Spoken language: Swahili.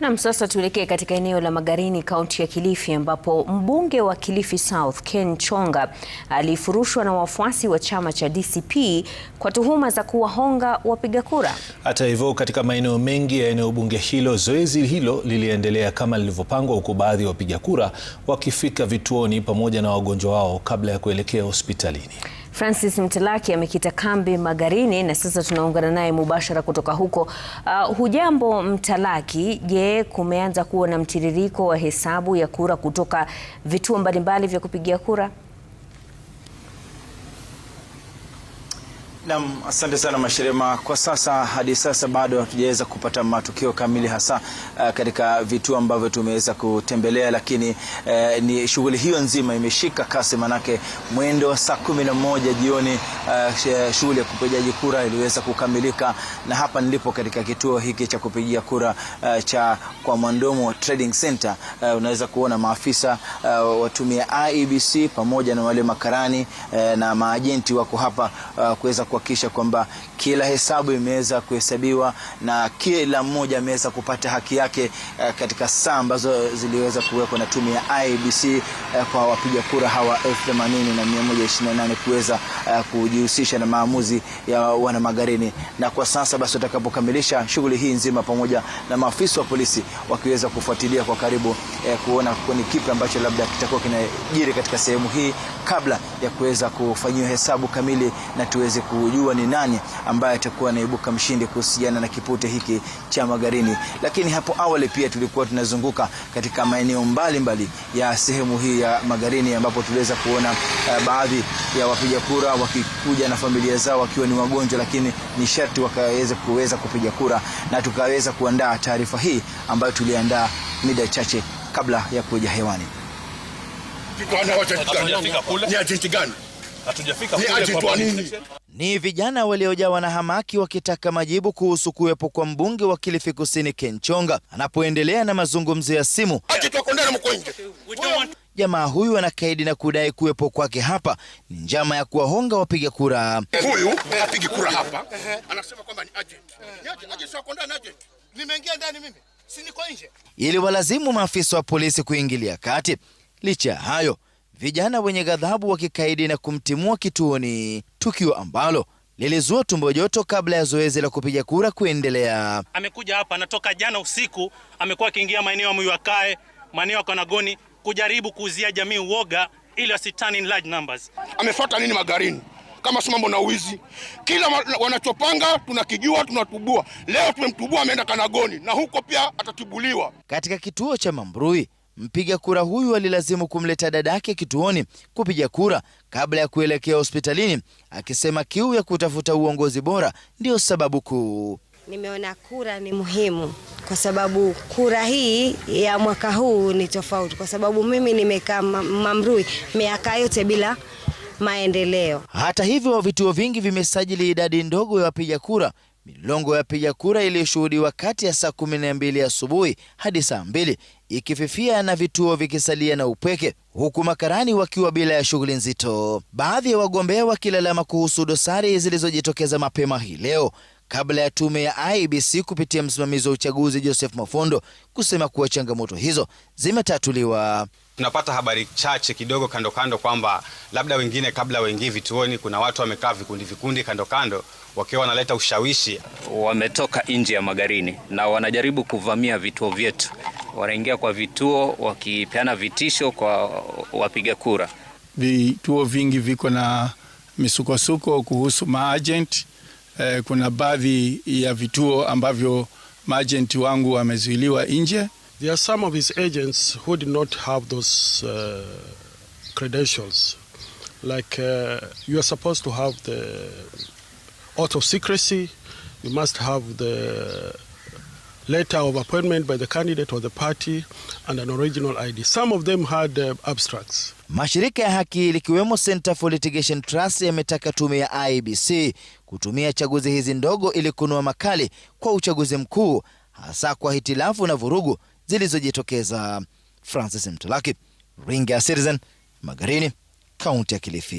Nam, sasa tuelekee katika eneo la Magarini kaunti ya Kilifi ambapo mbunge wa Kilifi South Ken Chonga alifurushwa na wafuasi wa chama cha DCP kwa tuhuma za kuwahonga wapiga kura. Hata hivyo, katika maeneo mengi ya eneo bunge hilo zoezi hilo liliendelea kama lilivyopangwa, huku baadhi ya wapiga kura wakifika vituoni pamoja na wagonjwa wao kabla ya kuelekea hospitalini. Francis Mtelaki amekita kambi Magarini na sasa tunaungana naye mubashara kutoka huko. Uh, hujambo Mtalaki. Je, kumeanza kuwa na mtiririko wa hesabu ya kura kutoka vituo mbalimbali vya kupigia kura? Naam, asante sana Mashirima. Kwa sasa hadi sasa bado hatujaweza kupata matukio kamili hasa uh, katika vituo ambavyo tumeweza kutembelea, lakini uh, ni shughuli hiyo nzima imeshika kasi, manake mwendo wa saa kumi na moja jioni uh, shughuli ya kupigaji kura iliweza kukamilika, na hapa nilipo katika kituo hiki cha kupigia kura uh, cha kwa Mwandomo Trading Center uh, unaweza kuona maafisa uh, watumia IEBC pamoja na wale makarani uh, na maajenti wako hapa uh, kuweza kuhakikisha kwamba kila hesabu imeweza kuhesabiwa na kila mmoja ameweza kupata haki yake eh, katika saa ambazo ziliweza kuwekwa na tume ya IBC e eh, kwa wapiga kura hawa 80 na 128 kuweza eh, kujihusisha na maamuzi ya wana Magarini. Na kwa sasa basi watakapokamilisha shughuli hii nzima, pamoja na maafisa wa polisi wakiweza kufuatilia kwa karibu eh, kuona ni kipi ambacho labda kitakuwa kinajiri katika sehemu hii kabla ya kuweza kufanyiwa hesabu kamili na tuweze kujua ni nani ambaye atakuwa anaibuka mshindi kuhusiana na kipute hiki cha Magarini. Lakini hapo awali pia tulikuwa tunazunguka katika maeneo mbalimbali ya sehemu hii ya Magarini ambapo tuliweza kuona uh, baadhi ya wapiga kura wakikuja na familia zao wakiwa ni wagonjwa, lakini ni sharti wakaweza kuweza kupiga kura, na tukaweza kuandaa taarifa hii ambayo tuliandaa mida chache kabla ya kuja hewani ni vijana waliojawa na hamaki wakitaka majibu kuhusu kuwepo kwa mbunge wa Kilifi Kusini Kenchonga anapoendelea na mazungumzo ya simu. Jamaa huyu anakaidi na kudai kuwepo kwake hapa ni njama ya kuwahonga wapiga kura. Huyu kura hapa, anasema kwamba ni agent. Nimeingia ndani mimi. Si niko nje. Ili walazimu maafisa wa polisi kuingilia kati. Licha ya hayo, vijana wenye ghadhabu wakikaidi na kumtimua kituoni, tukio ambalo lilizua tumbo joto kabla ya zoezi la kupiga kura kuendelea. Amekuja hapa, anatoka jana usiku, amekuwa akiingia maeneo ya Mwiwakae, maeneo ya Kanagoni kujaribu kuuzia jamii uoga ili wasitani in large numbers. Amefuata nini magarini? Kama si mambo na uwizi, kila wanachopanga tunakijua, tunatubua. Leo tumemtubua, ameenda Kanagoni na huko pia atatibuliwa. Katika kituo cha Mambrui Mpiga kura huyu alilazimu kumleta dadake kituoni kupiga kura kabla ya kuelekea hospitalini, akisema kiu ya kutafuta uongozi bora ndiyo sababu kuu. Nimeona kura ni muhimu kwa sababu kura hii ya mwaka huu ni tofauti, kwa sababu mimi nimekaa Mamrui miaka yote bila maendeleo. Hata hivyo, vituo vingi vimesajili idadi ndogo ya wapiga kura Milongo ya piga kura iliyoshuhudiwa kati ya saa kumi na mbili asubuhi hadi saa mbili ikififia na vituo vikisalia na upweke, huku makarani wakiwa bila ya shughuli nzito, baadhi ya wagombea wakilalama kuhusu dosari zilizojitokeza mapema hii leo kabla ya tume ya IBC kupitia msimamizi wa uchaguzi Joseph Mafondo kusema kuwa changamoto hizo zimetatuliwa. Tunapata habari chache kidogo kando kando kwamba labda wengine kabla waingie vituoni, kuna watu wamekaa vikundi vikundi kando kando wakiwa wanaleta ushawishi. Wametoka nje ya magarini na wanajaribu kuvamia vituo vyetu, wanaingia kwa vituo wakipeana vitisho kwa wapiga kura. Vituo vingi viko na misukosuko kuhusu maajenti eh, kuna baadhi ya vituo ambavyo maajenti wangu wamezuiliwa nje. There are some of his agents who did not have those uh, credentials like uh, you are supposed to have the oath of secrecy, you must have the letter of appointment by the candidate or the party and an original ID. Some of them had uh, abstracts. Mashirika ya haki likiwemo Center for Litigation Trust yametaka tume ya IBC kutumia chaguzi hizi ndogo ili kunua makali kwa uchaguzi mkuu hasa kwa hitilafu na vurugu zilizojitokeza. Francis Mtalaki, Ringa Citizen, Magarini, kaunti ya Kilifi.